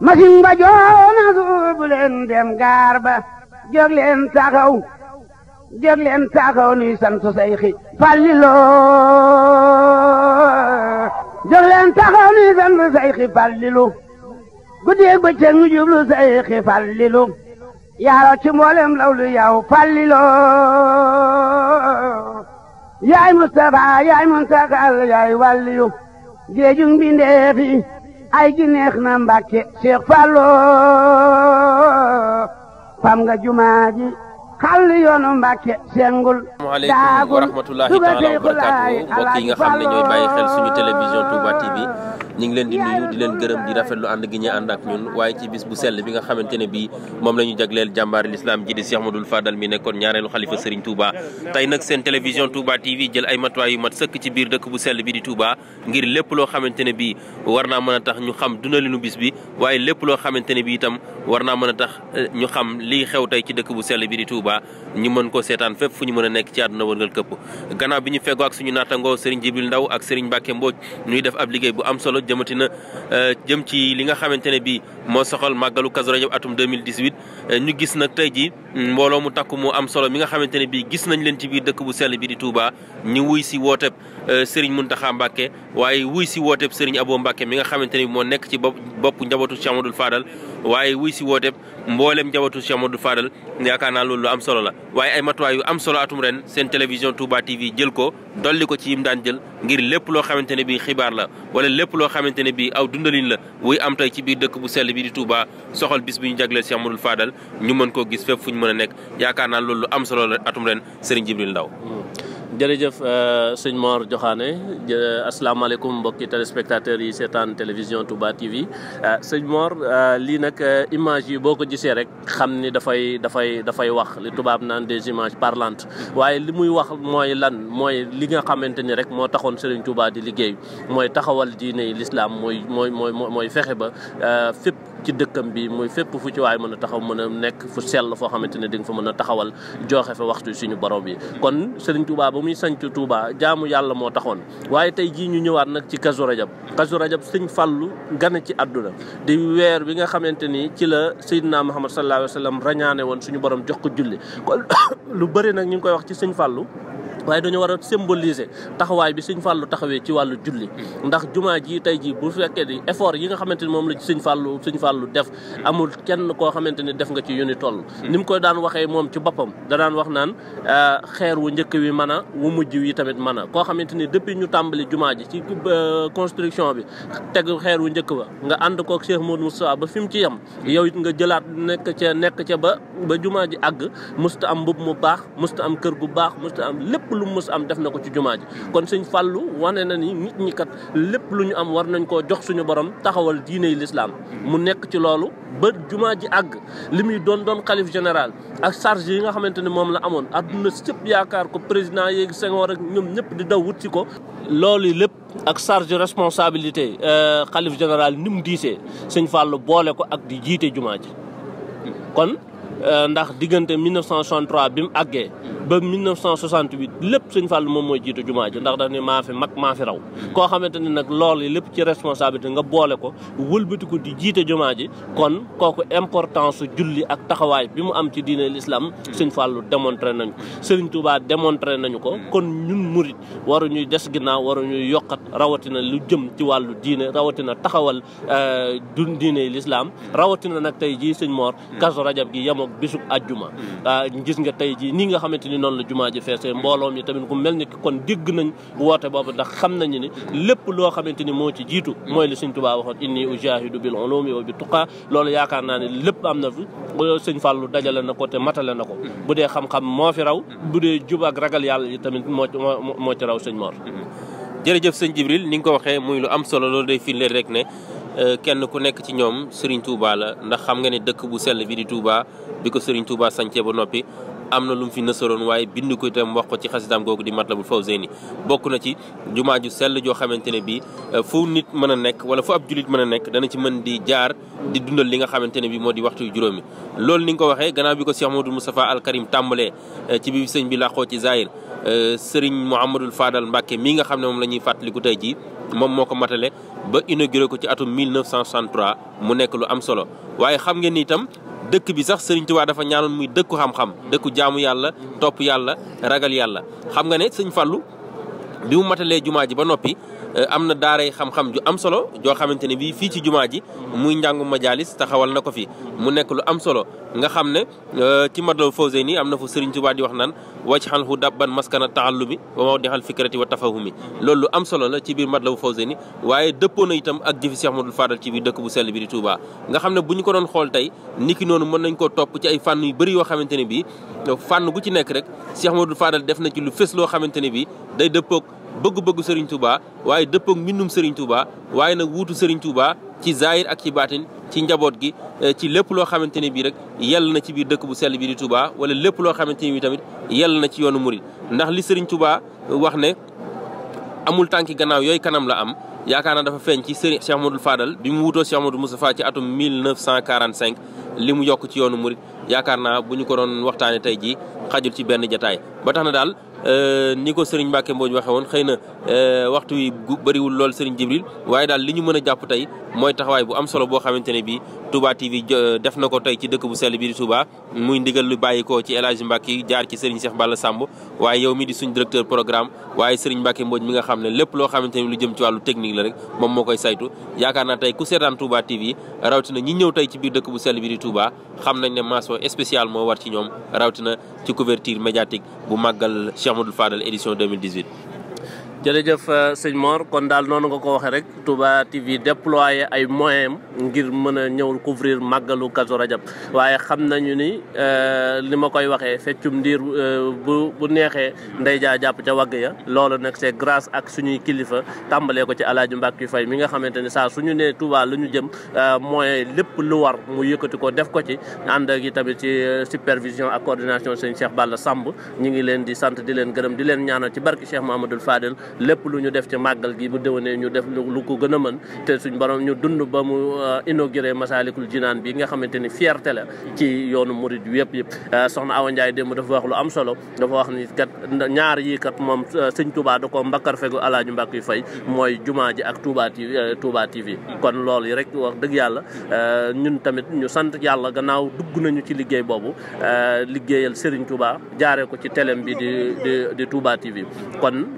masin ba joona suubu leen dem gaar ba jóg leen taxaw jóg leen taxaw nuy sant sayxi Fallilo jóg leen taxaw nuy sant sayxi Fallilu guddeeg bëccëg ñu jublu sayxi Fallilu yaaro ci mboolem lawlu yow Fallilo yaay Mustafa yaay Muntakal yaay wàlliyu géejug mbindeefi ay gi neex na mbàkke Cheikh Fallo fam nga jumaa ji xal yoonu mbàkke sengul asalaamaaleykum wa rahmatulahi taala wa barakaatu mbokk yi nga xam ne ñooy bàyyi xel suñu télévision Touba TV ñu ngi leen di nuyu di leen gërëm di rafetlu ànd gi ñu ànd ak ñun waaye ci bis bu sell bi nga xamante ne bii moom lañu ñu jagleel jàmbaari lislaam ji di Cheikh Modou Fadal mi nekkoon ñaareelu xalifa Serigne Touba tey nag seen télévision Touba TV jël ay matuwaay yu mat sëkk ci biir dëkk bu sell bi di Touba ngir lépp loo xamante ne bii war naa mën a tax ñu xam dundalinu bis bi waaye lépp loo xamante ne bii itam war mën a tax eh, ñu xam lii xew tey ci dëkk bu sell bi di Touba ñu mën ko seetaan fépp fu ñu mën a nekk ci àdduna wërngal këpp gannaaw bi ñu feggoo ak suñu naatangoo Serigne Jibril Ndaw ak Serigne Mbacke Mbodj ñuy def ab liggéey bu am solo jëmati na euh, jëm ci li nga xamante ne bii moo soxal màggalu Kazu Rajab atum 2018 euh, ñu gis nag tey jii mbooloo mu takk mu am solo mi nga xamante ne bii gis nañ leen ci biir dëkk bu sell bi di Touba ñu wuy si wooteb euh, Serigne Mountakha Mbacke waaye wuy si wooteb Serigne Abo Mbacke mi nga xamante ne moo nekk ci bopp njabootu Cheikh Amadou Fadal waaye wuy si wooteeb mbooleem njabootu Cheikh Modou Fadal yaakaar naa loolu lu am solo la waaye ay matuwaay yu am solo atum ren seen télévision Touba TV jël ko dolli ko ci yim daan jël ngir lépp loo xamante ne bii xibaar la wala lépp loo xamante ne bii aw dundalin la wuy am tey ci biir dëkk bu sell bi di Touba soxal bis bi ñu jagleel Cheikh Modou faadal ñu mën koo gis fépp fu ñu mën a nekk yaakaar naa loolu lu am solo la atum ren Serigne Jibril Ndaw jërëjëf sëñ Mor joxane assalamu alaykum mbokki téléspectateurs yi seetaan télévision Touba TV sëñ Mor li nak image yi boko gissé rek xamni da fay da fay da fay wax li tubaab nan des images parlantes waye li muy wax moy lan moy li nga xamanteni rek mo taxone Serigne Touba di liggéey moy taxawal diine l'islam moy moy moy moy fexe ba fep ci dëkkam bi moy fep fu ci way mën taxaw mën nek fu sel fo xamanteni ne di nga fa mën taxawal joxe fa waxtu suñu borom bi kon Serigne Touba mi sanc Touba jaamu yalla mo taxone waye tay ji ñu ñëwaat nak ci kazu rajab kazu rajab sëñ fallu gane ci aduna di wër bi nga xamanteni ci la Seydina Muhammad sallallahu alaihi wasallam sallam won suñu borom jox ko julli lu bari nak ñu koy wax ci fallu waaye dañu war a symboliser taxawaay bi sëñ fàllu taxawee ci wàllu julli ndax jumaa ji tey ji bu fekkee di effort yi nga xamante ni moom la sëñ fàllu sëñ fàllu def amul kenn koo xamante ni def nga ci yuni toll ni mu koy daan waxee moom ci boppam da daan wax naan euh, xeer wu njëkk wi mën wu mujj wi tamit mën koo xamante ni depuis ñu tàmbali jumaa ji ci euh, construction bi teg xeer wu njëkk ba nga ànd kook Cheikh Modou Moustapha ba fi mu ci yem yow it nga jëlaat nekk ca nekk ca ba ba jumaa ji àgg musta am mbub mu baax musta am kër gu baax musta am lépp lu mu mës am def na ko ci jumaa ji kon sëñ fàllu wane na ni nit ñi kat lépp lu ñu am war nañ koo jox suñu borom taxawal diiney lislaam mu nekk ci loolu ba jumaa ji àgg li muy doon doon xalif général ak charge yi nga xamante ne moom la amoon adduna sëpp yaakaar ko président yeegi Senghor ak ñoom ñëpp di daw wut ko loolu lépp ak charge responsabilité euh, xalif général ni mu diisee sëñ fàllu boole ko ak di jiite jumaa ji kon euh, ndax diggante 1963 bi mu àggee ba 1968 lépp sëñ Fall moom mooy jiitu jumaa ji ndax daf ne maa fi mag maa fi raw koo xamante ne nag loolu lépp ci responsabilité nga boole ko wëlbati ko di jiite jumaa ji kon kooku importance julli ak taxawaay bi mu am ci diine l'islam sëñ fàllu démontré nañu ko sëriñ Touba démontré nañu ko kon ñun murit waru ñuy des ginnaaw waru ñuy yokkat rawatina lu jëm ci wàllu diine rawatina taxawal euh, du diine lislaam rawatina nag tey jii sëñ Mor kasu rajab gi yemoog bisub ajjuma mm. euh, ni noonu la jumaa ji feesee mbooloo mi tamit ku mel ni kon dégg nañ woote boobu ndax xam nañu ni lépp loo xamante ni moo ci jiitu mooy li Sëñ Tuubaa waxoon inni ujahidu bi ulumi wa bi tuqaa loolu yaakaar naa ne lépp am na fi Sëñ Fàllu dajale na ko te matale na ko bu dee xam-xam moo fi raw bu dee jub ragal yàlla yi tamit moo moo ci raw sëñ Mor jërëjëf sëñ Jibril ni nga ko waxee muy lu am solo loolu day firndeel rek ne e, kenn ku nekk ci ñoom Serigne Touba la ndax xam nga ne dëkk bu sell bi di Touba bi ko Serigne Touba sancee ba noppi am na lu mu fi nësaroon waaye bind ko itam wax ko ci xasidaam googu di matlabul fawzeyni bokk na ci jumaa ju sell joo xamante ne bii eh, fu nit mën a nekk wala fu ab julit mën a nekk dana ci mën di jaar di dundal li nga xamante ne bii moo di waxtu yu juróomi loolu ni nga ko waxee gannaaw bi ko Cheikh Mamadou Moustapha Al Karim tàmbalee eh, ci bi sëñ bi làqoo ci Zahir eh, Serigne Mouhamadul Fadal Mbacke mii nga xam ne moom la ñuy fàttaliku tey ji moom moo ko matale ba inauguré ko ci atum 1963 mu nekk lu am solo dëkk bi sax Serigne Touba dafa ñaanoon muy dëkku xam-xam dëkku jaamu yàlla topp yàlla ragal yàlla xam nga ne sëñ fallu bi mu matalee jumaa ji ba noppi eh, am na daaray xam-xam ju am solo joo xamante ne bii fii ci jumaa ji muy njàngu majaalis taxawal na ko fi mu nekk lu am solo nga xam ne eh, ci madlaw fawsé nii am na fu Sëriñ la ci biir madlaw fawsé ni waaye dëppoo na itam ak jëfi Cheikh Modou Fadal ci biir dëkk bu sell bi di Touba nga xam ne bu ñu ko doon xool tey niki noonu mën nañ koo topp ci ay fànn yu bëri yoo xamante ne bii gu ci nekk rek Cheikh Modou Fadal def na ci lu fës loo xamante ne day dëppook bëgg-bëggu Serigne Touba waaye dëppoog mbindum Serigne Touba waaye nag wuutu sëriñ Touba ci zaahir ak ci baatin ci njaboot gi eh, ci lépp loo xamante ne bii rek yàlla na ci biir dëkk bu sell bi di Touba wala lépp loo xamante ne bii tamit yàlla na ci yoonu murid ndax li Serigne Touba wax ne amul tànki gannaaw yooyu kanam la am yaakaar naa dafa feeñ ci Serigne Cheikh Modou Fadal bi mu wuutoo Cheikh Modou Moustapha ci atum 1945 li mu yokk ci yoonu murid yaakaar naa bu ñu ko doon waxtaanee tey jii xajul ci benn jataay Euh, ni ko sëriñ Mbacke Mbodj waxee woon xëy na Euh, waxtu yi bariwul lool Serigne Jibril waaye daal li ñu mën a jàpp tey mooy taxawaay bu am solo boo xamante ne bii Touba TV euh, def na ko tey ci dëkk bu sell bii di Touba muy ndigal lu bàyyi ko ci El Hadj Mbacke jaar ci Serigne Cheikh Balla Samb waaye yow mi di suñ directeur programme waaye Serigne Mbacke Mbodj mi nga xam ne lépp loo xamante ne lu jëm ci wàllu technique la rek moom moo koy saytu yaakaar naa tey ku seetaan Touba TV rawatina ñi ñëw tey ci biir dëkk bu sell bi xam nañ ne mention spéciale moo war ci ñoom rawatina ci couverture médiatique bu màggal Cheikh Modou Fadal édition 2018 jërëjëf euh, sëñ Mor kon daal noonu nga ko waxee rek Touba TV déployé ay moyens ngir mën a ñëw couvrir màggalu Kazu Rajab waaye xam nañu ni euh, li ma koy waxee feccum ndiir euh, bu bu neexee ndey jàpp ca wagg ya loolu nag c'est grâce ak suñuy kilifa tàmbalee ko ci Alaaji Mbàkke Fay mi nga xamante ne saa suñu nee tubaa lu ñu jëm moyen lépp lu war mu yëkkati ko def ko ci ànd ak yi tamit ci supervision ak coordination sëñ Cheikh Balla Samb ñi ngi leen di sant di leen gërëm di leen ñaanal ci barki Cheikh Mahamadul Fadel lepp lu ñu def ci magal gi bu deewone ñu def lu ko gëna mën te suñ borom ñu dund ba mu euh, inaugurer Masalikul jinan bi nga xamanteni ni fierté la ci yoonu murid yépp yépp euh, soxna Awa ndjay dem dafa wax lu am solo dafa wax ni kat ñaar yi kat mom euh, sëñ Touba da ko mbakar fegu alaaju mbàkk yu fay moy juma ji ak Touba TV Touba TV kon yi rek wax deug yalla ñun tamit ñu sant yalla gannaaw dugg nañu ci liggéey bobu liggéeyal tuba, Touba jaaré ko ci télém bi di di di Touba TV kon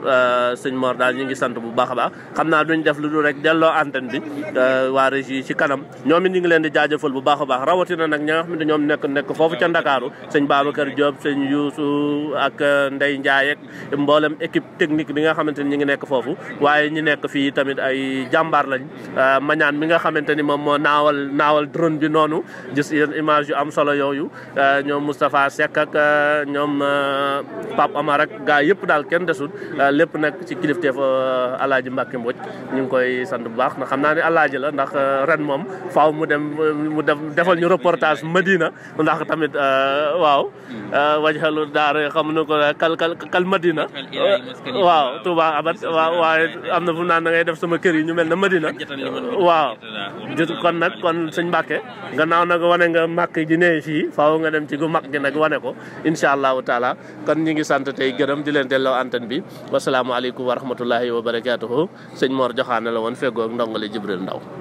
sëñ Mor daal ñu ngi sant bu baax a baax xam naa duñ def lu dul rek delloo antenne bi euh, waa ci kanam ñoom it ñu ngi leen di jaajëfal bu baax a baax rawatina nag ñi nga xam ne ñoom nekk nekk foofu ca Ndakaaru sëñ Babacar Diop sëñ Youssou ak euh, nday Ndiaye mboolem équipe technique bi nga xamante ni ñu ngi nekk foofu waaye ñu nekk fii tamit ay jàmbaar lañ euh, mañaan bi nga xamante ni moom moo naawal naawal drone bi noonu gis yéen image yu am solo yooyu ñoom Moustapha Seck ak ñoom ci kilifteef euh, alaaji Mbàkke Mbodj ñu ngi koy sant bu baax na xam naa ne alaaji la ndax euh, ren moom faaw mu dem euh, mu def defal ñu reportage Madina ndax tamit waaw wajhalu daara xam na ko kal kal kal Madina waaw Touba abat waaw waaye am na fu naan da ngay def sama kër yi ñu mel na Madina waaw kon nag kon sëñ nga gannaaw nag wane nga màkk ji ne fii faaw nga dem ci gu mag nag wane ko incha allahu taala kon ñu ngi sant tey gërëm di leen delloo antenne bi wasalaamualeykum aleykum wa rahmatullahi wa barakaatuhu sëñ Mor Joxaane la woon feggoog ndongo li Jibril Ndaw